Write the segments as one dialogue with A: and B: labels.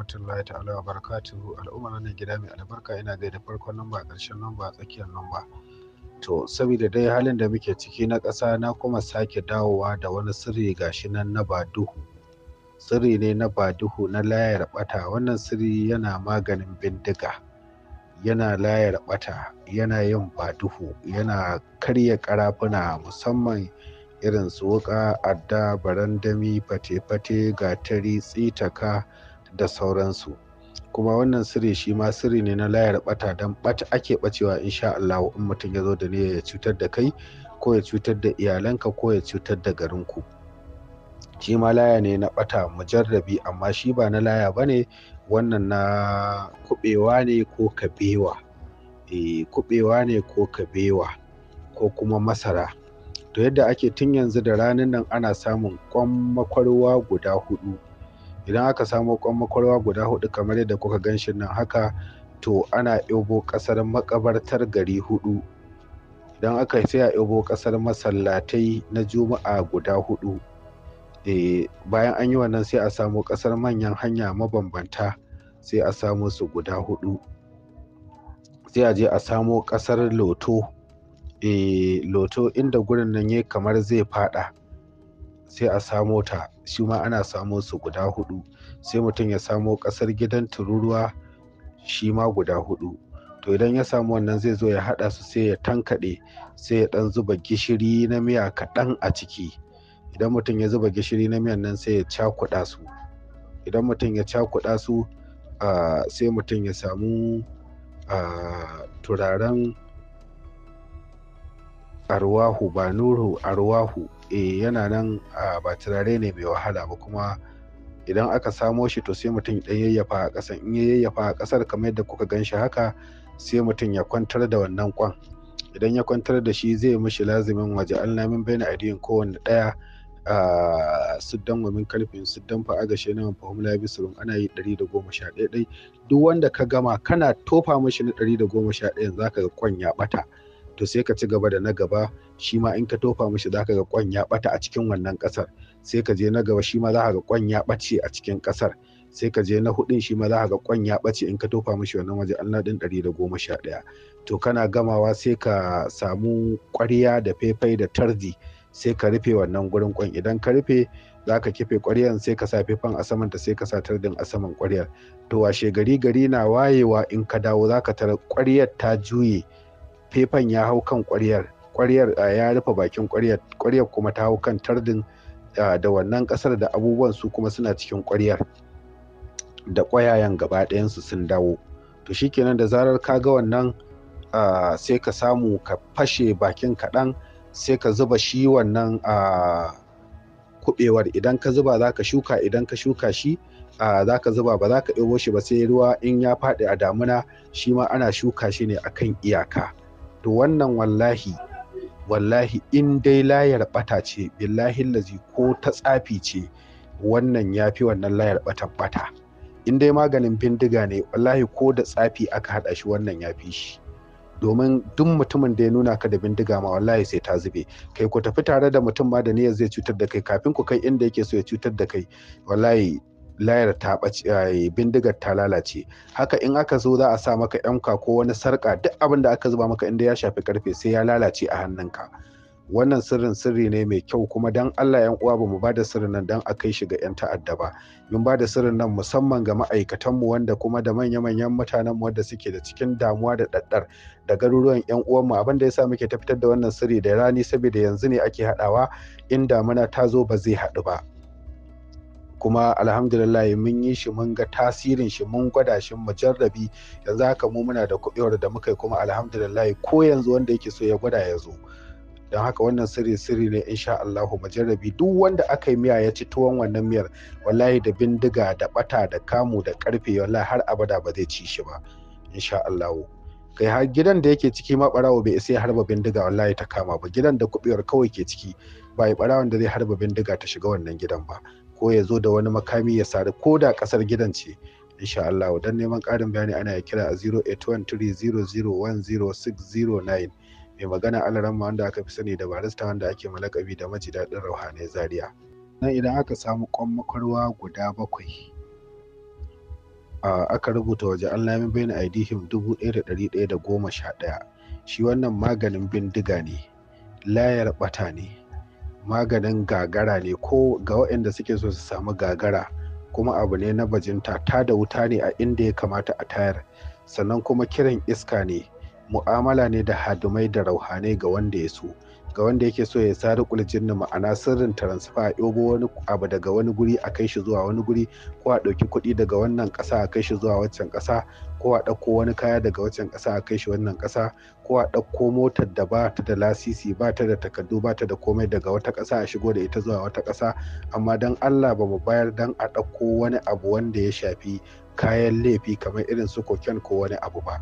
A: rahmatullahi ta'ala wa barakatuhu al'ummar wannan gida mai albarka ina gaida farkon namba ƙarshen namba tsakiyar namba to saboda dai halin da muke ciki na ƙasa na kuma sake dawowa da wani sirri gashi nan na baduhu sirri ne na baduhu na layar ɓata wannan sirri yana maganin bindiga yana layar ɓata yana yin baduhu yana karya karafuna musamman irin su wuƙa adda barandami fate-fate gatari tsitaka da sauransu kuma wannan sirri shi ma sirri ne na layar bata don bata ake bacewa insha Allah in mutum ya zo da niyya ya cutar da kai ko ya cutar da iyalanka ko ya cutar da garinku shi ma laya ne na bata mujarrabi amma shi ba na laya ba ne wannan na kubewa ne ko kabewa e, eh, kubewa ne ko kabewa ko kuma masara to yadda ake tun yanzu da ranar nan ana samun kwan makwarwa guda hudu idan aka samo kwan makwarwa guda hudu kamar yadda kuka gan shi nan haka to ana ɗebo ƙasar makabartar gari huɗu idan aka sai a ɗebo ƙasar masallatai na juma'a guda hudu e, eh, bayan an yi wannan sai a samo ƙasar manyan hanya mabambanta sai a samo su guda hudu sai a je a samo ƙasar loto e, loto inda gurin nan ya kamar zai faɗa. sai a samo ta shi ma ana samo su guda hudu sai mutum ya samo kasar gidan tururuwa shi ma guda hudu to idan ya samu wannan zai zo ya hada su sai ya tankade sai ya dan zuba gishiri na miya kaɗan a ciki idan mutum ya zuba gishiri na miyan nan sai ya cakuɗa su idan mutum ya cakuɗa su sai mutum ya samu turaren arwahu ba nuru arwahu eh yana nan ba turare ne mai wahala ba kuma idan aka samo shi to sai mutum dan yayyafa a kasar in ya yayyafa a kasar kamar yadda kuka gan shi haka sai mutum ya kwantar da wannan kwan idan ya kwantar da shi zai mishi lazimin waje alnamin bai na adiyin kowanne ɗaya a suddan wamin kalfin suddan fa aga shi nan fahim labi ana yi 111 duk wanda ka gama kana tofa mishi na 111 ka ga kwan ya ɓata. to sai ka ci gaba da na gaba shi ma in ka tofa mishi za ka ga kwan ya bata a cikin wannan kasar sai ka je na gaba shi ma za ka ga kwan ya bace a cikin kasar sai ka je na hudun shi ma za ka ga kwan ya bace in ka tofa mishi wannan waje goma sha 111 to kana gamawa sai ka samu ƙwarya da faifai da tarzi sai ka rufe wannan gurin kwan idan ka rufe za ka kife ƙwaryan sai ka sa faifan a samanta sai ka sa tardin a saman ƙwaryar to washe gari gari na wayewa in ka dawo za ka tara ƙwaryar ta juye faifan ya hau kan ƙwaryar ƙwaryar ya rufe bakin ƙwaryar ƙwaryar kuma ta hau kan tardin da wannan ƙasar da abubuwan su kuma suna cikin ƙwaryar da ƙwayayen gaba ɗayansu sun dawo to shikenan da zarar ka ga wannan sai ka samu ka fashe bakin kaɗan sai ka zuba shi wannan kuɓewar idan ka zuba za ka shuka idan ka shuka shi za ka zuba ba za ka ɗebo shi ba sai ruwa in ya faɗi a damuna shi ma ana shuka shi ne akan iyaka to wannan wallahi wallahi in dai layar bata ce billahi lazi ko ta tsafi ce wannan ya fi wannan layar bata bata in dai maganin bindiga ne wallahi ko da tsafi aka haɗa shi wannan ya fi shi domin duk mutumin da ya nuna ka da bindiga ma wallahi sai ta zube kai ku tafi tare da mutum ma da niyyar zai cutar da kai kafin ku kai inda yake so ya cutar da kai wallahi layar ta eh, bindigar ta lalace haka in aka zo za a sa maka yanka ko wani sarka duk abin da aka zuba maka inda ya shafi karfe sai ya lalace a hannunka wannan sirrin sirri ne mai kyau kuma dan Allah yan uwa bamu bada sirrin nan dan a kai shi ga yan ta'adda ba mun bada sirrin nan musamman ga ma'aikatan mu wanda kuma da manya-manyan mutanen mu wanda suke da cikin damuwa da daddar da garuruwan yan uwan mu abinda sa muke tafitar da wannan sirri da rani saboda yanzu ne ake haɗawa, in damuna ta zo ba zai haɗu ba kuma alhamdulillah mun yi shi mun ga tasirin shi mun gwada shi mujarrabi yanzu haka mu muna da kuɓewar da muka yi kuma alhamdulillah ko yanzu wanda yake so ya gwada ya zo don haka wannan sirri sirri ne insha mu mujarrabi duk wanda aka yi miya ya ci tuwon wannan miyar wallahi da bindiga da bata da kamu da karfe wallahi har abada ba zai ci shi ba insha Allah kai har gidan da yake ciki ma barawo bai sai harba bindiga wallahi ta kama ba gidan da kuɓewar kawai ke ciki ba yi barawon da zai harba bindiga ta shiga wannan gidan ba ko ya zo da wani makami ya sari ko da kasar gidan ce insha Allah don neman ƙarin bayani ana ya kira a 08130010609 mai magana alaran alaramma wanda aka fi sani da barista wanda ake malakabi da maji daɗin rauhanai zaria nan idan aka samu kwan makarwa guda bakwai aka rubuta waje an lamin bayan aidihim dubu ɗaya da ɗari ɗaya da goma sha ɗaya shi wannan maganin bindiga ne layar ɓata ne maganin gagara ne ko ga waɗanda suke so su samu gagara kuma abu ne na bajinta ta da wuta ne a inda ya kamata a tayar sannan kuma kiran iska ne mu'amala ne da hadumai da rauhanai ga wanda ya so ga wanda yake so ya sari na ma'ana sirrin transfer a yobo wani abu daga wani guri a kai shi zuwa wani guri ko a ɗauki kuɗi daga wannan ƙasa a kai shi zuwa waccan ƙasa ko a ɗauko wani kaya daga waccan ƙasa a kai shi wannan ƙasa ko a ɗauko motar da ba ta da lasisi ba ta da takardu ba ta da komai daga wata ƙasa a shigo da ita zuwa wata ƙasa amma dan Allah ba mu bayar dan a ɗauko wani abu wanda ya shafi kayan laifi kamar irin su koken ko wani abu ba.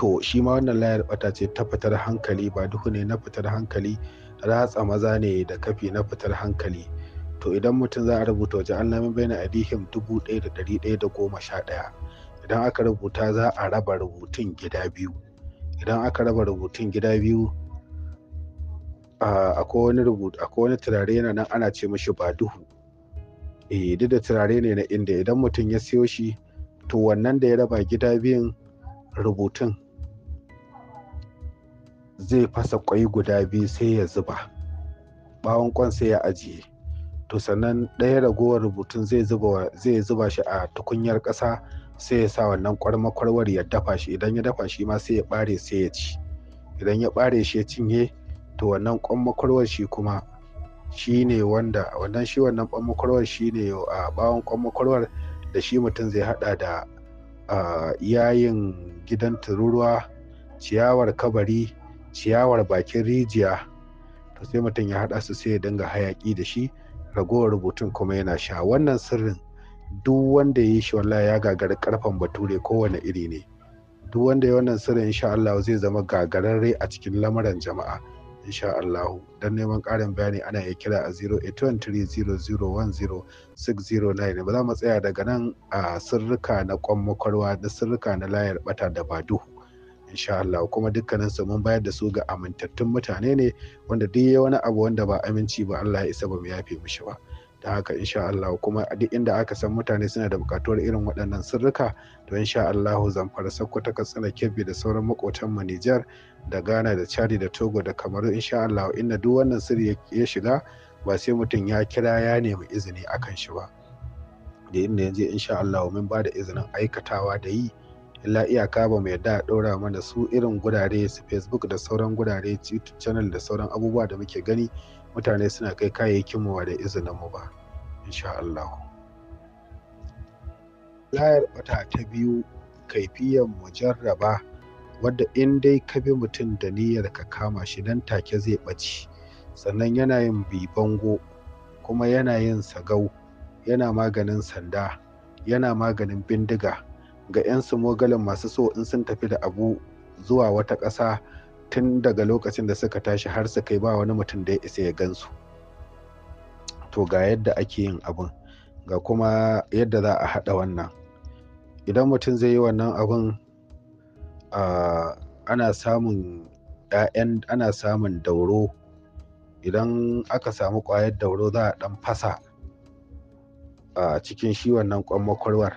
A: to shi ma wannan layar bata ce ta fitar hankali ba duhu ne na fitar hankali ratsa maza ne da kafi na fitar hankali to idan mutum za a rubuta waje an lamin bai na adihim dubu ɗaya da ɗari ɗaya da goma sha ɗaya idan aka rubuta za a raba rubutun gida biyu idan aka raba rubutun gida biyu akwai wani rubutu akwai wani turare yana nan ana ce mashi ba duhu eh da turare ne na inda idan mutum ya siyo shi to wannan da ya raba gida biyun rubutun zai fasa kwai guda biyu sai ya zuba bawon kwan sai ya ajiye to sannan ɗaya ragowar rubutun zai zuba shi a tukunyar ƙasa sai ya sa wannan kwarmakwarwar ya dafa shi idan ya dafa shi ma sai ya ɓare sai ya ci idan ya ɓare shi ya cinye to wannan kwarmakwarwar shi kuma shi ne wanda wannan shi wannan kwarmakwarwar shi ne a bawon kwarmakwarwar da shi mutum zai hada da yayin gidan tururuwa ciyawar kabari ciyawar bakin rijiya to sai mutum ya haɗa su sai ya dinga hayaƙi da shi ragowar rubutun kuma yana sha wannan sirrin duk wanda ya yi shi wallahi ya gagari karfan bature kowane iri ne duk wanda ya wannan sirrin insha Allah zai zama gagararre a cikin lamuran jama'a insha Allah dan neman ƙarin bayani ana iya kira a 08130010609 ba za mu tsaya daga nan a sirrika na kwan makwarwa da sirrika na layar bata da badu insha Allah kuma dukkanin su mun bayar da su ga amintattun mutane ne wanda duk ya wani abu wanda ba aminci ba Allah ya isa ba mu yafe mishi ba da haka insha Allah kuma duk inda aka san mutane suna da bukatuwar irin waɗannan sirrika to insha Allah zamfara sako ta katsina kebbi da sauran makotan mu Nijar da Ghana da Chad da Togo da Kamaru insha Allah inda duk wannan sirri ya shiga ba sai mutum ya kira ya nemi izini akan shi ba da inda yanzu insha Allah mun bada izinin aikatawa da yi illa iyaka ba mai da ɗora mana su irin gurare su facebook da sauran gurare youtube channel da sauran abubuwa da muke gani mutane suna kai kayayyakin mu da izinin mu ba insha Allah layar wata ta biyu kaifiyar mujarraba wadda in dai ka bi mutum da niyyar ka kama shi dan take zai ɓaci sannan yana yin bibango kuma yana yin sagau yana maganin sanda yana maganin bindiga ga 'yan sumogalin masu so in sun tafi da abu zuwa wata ƙasa tun daga lokacin da suka tashi har su kai ba wani mutum da ya isa ya gansu to ga yadda ake yin abin ga kuma yadda za a haɗa wannan idan mutum zai yi wannan abin ana samun ‘ya'yan ana samun dauro idan aka samu ƙwayar dauro za a ɗan fasa a cikin shi wannan ƙwan makwarwar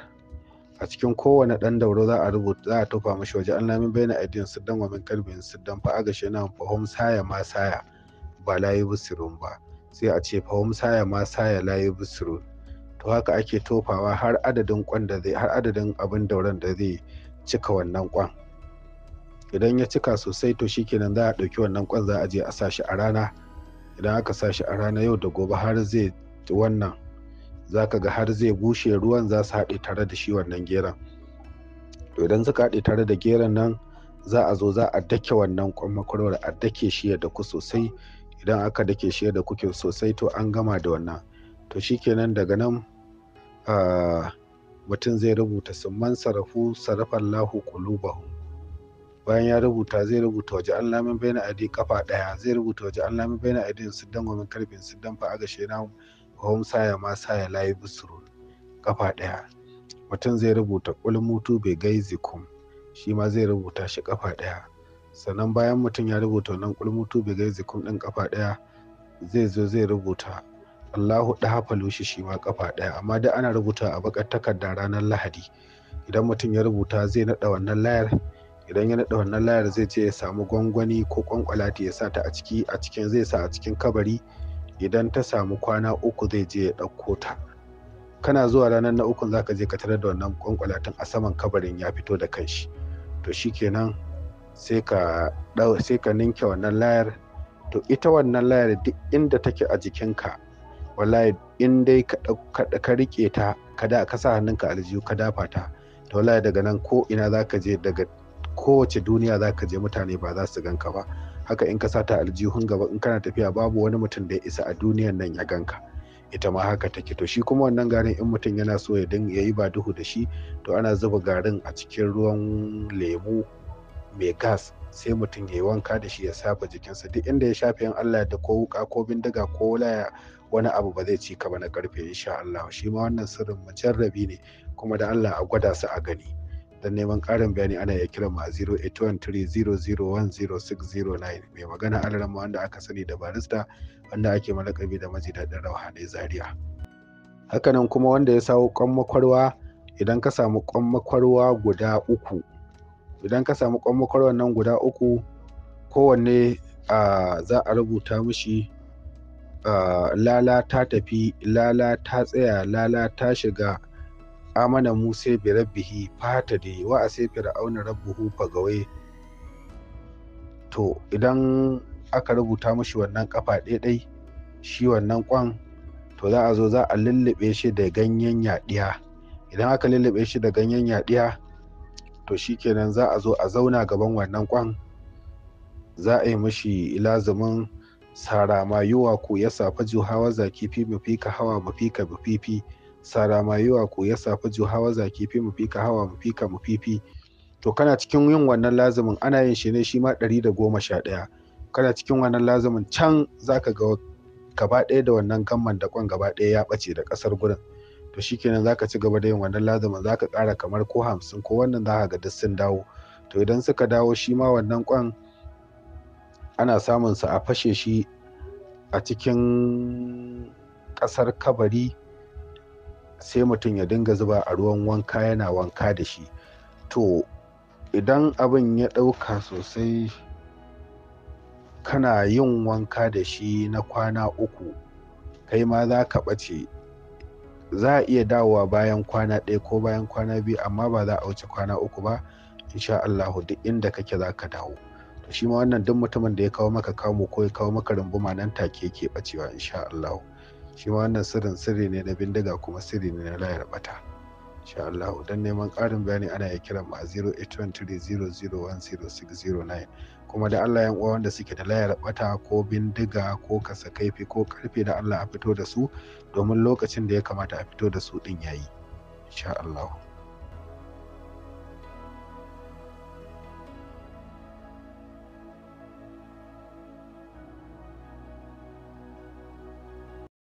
A: a cikin kowane ɗan dauro za a rubuta za a tofa mashi waje an lamin bayan aidiyan siddan wa min kalbin siddan fa aga shi nan fahum saya ma saya ba layi busirun ba sai a ce fahum saya ma saya layi busirun to haka ake tofawa har adadin kwan da zai har adadin abin dauran da zai cika wannan kwan idan ya cika sosai to shikenan za a ɗauki wannan kwan za a je a sa shi a rana idan aka sa shi a rana yau da gobe har zai wannan za ka ga har zai bushe ruwan za su haɗe tare da shi wannan geron to idan suka haɗe tare da geran nan za a zo za a dake wannan kwamakwarwar a dake shi ya ku sosai idan aka dake shi ya daku sosai to an gama da wannan to shi shikenan daga nan mutum zai rubuta summan sarafu sarrafan lahu kulubahu bayan ya rubuta zai rubuta waje an lamin bai na adi kafa daya zai rubuta waje an lamin bai na adi siddan wa min su siddan fa'a ga shi hom saya ma saya layi busuru kafa ɗaya mutum zai rubuta mutu bai gaizi kum shi ma zai rubuta shi kafa ɗaya sannan bayan mutum ya rubuta wannan mutu bai gaizi kum ɗin kafa daya zai zo zai rubuta Allahu ɗaha falushi shi ma kafa ɗaya amma dai ana rubuta a bakar takarda ranar Lahadi idan mutum ya rubuta zai naɗa wannan layar idan ya naɗa wannan layar zai ce ya samu gwangwani ko kwankwalati ya sa ta a ciki a cikin zai sa a cikin kabari idan ta samu kwana uku zai je ya ɗauko ta kana zuwa ranar na ukun zaka je ka tarar da wannan kwankwalatin a saman kabarin ya fito da kanshi to shikenan sai ka sai ka ninke wannan layar to ita wannan layar duk inda take a jikinka wallahi in dai ka rike ta ka da ka sa hannunka aljihu ka dafa ta to wallahi daga nan ko ina zaka je daga kowace duniya zaka je mutane ba za su ganka ba haka in ka sata aljihun gaba in kana tafiya babu wani mutum da ya isa a duniyan nan ya ganka ita ma haka take to shi kuma wannan garin in mutum yana so ya ya yi ba duhu da shi to ana zuba garin a cikin ruwan lemu mai gas sai mutum ya yi wanka da shi ya safa jikinsa duk inda ya shafe in Allah da ko wuka ko bindiga ko laya wani abu ba zai ci ka ba na karfe insha Allah shi ma wannan sirrin mujarrabi ne kuma da Allah a gwada su a gani don neman ƙarin bayani ana iya kira ma 08130010609 mai magana alarama wanda aka sani da barista wanda ake malakabi da maji daɗin rauhanai zaria hakanan kuma wanda ya sawo kwan makwarwa idan ka samu kwan makwarwa guda uku idan ka samu kwan makwarwan nan guda uku kowanne za a rubuta mishi lala ta tafi lala ta tsaya lala ta shiga amana musa bi rabbihi fata dai wa a sai fir'auna rabbuhu fagawai to idan aka rubuta mashi wannan kafa ɗaiɗai shi wannan kwan to za a zo za a lullube shi da ganyen yaɗiya idan aka lullube shi da ganyen yaɗiya to shikenan za a zo a zauna gaban wannan kwan za a yi mashi ilazumin sara mayuwa ko ya safa juhawa zaki fi ka hawa ka mafika fifi sara mayuwa ko ya safi hawa zaki fi mu fika hawa mu fika mu fifi to kana cikin yin wannan lazumin ana yin shi ne shi ma ɗari da goma sha ɗaya kana cikin wannan lazumin can za ka ga gaba ɗaya da wannan gamman da kwan gaba ɗaya ya bace da kasar gurin to shikenan za ka ci gaba da yin wannan lazumin za ka ƙara kamar ko hamsin ko wannan za ka ga duk sun dawo to idan suka dawo shi ma wannan kwan ana samun sa a fashe shi a cikin ƙasar kabari sai mutum ya dinga zuba a ruwan wanka yana wanka da shi to idan abin ya ɗauka sosai kana yin wanka da shi na kwana uku kai ma za ka ɓace za a iya dawowa bayan kwana ɗaya ko bayan kwana biyu amma ba za a wuce kwana uku ba insha Allah duk inda kake za ka dawo to shi ma wannan duk mutumin da ya kawo maka kamu ko ya kawo maka rumbuma nan take yake ɓacewa insha Allah shi ma wannan sirrin sirri ne na bindiga kuma sirri ne na layar bata insha Allah don neman ƙarin bayani ana iya kiran mu a 0813001060 kuma da Allah yan uwa wanda suke da layar bata ko bindiga ko kasa-kaifi, ko karfe da Allah a fito da su domin lokacin da ya kamata a fito da su din yayi insha Allah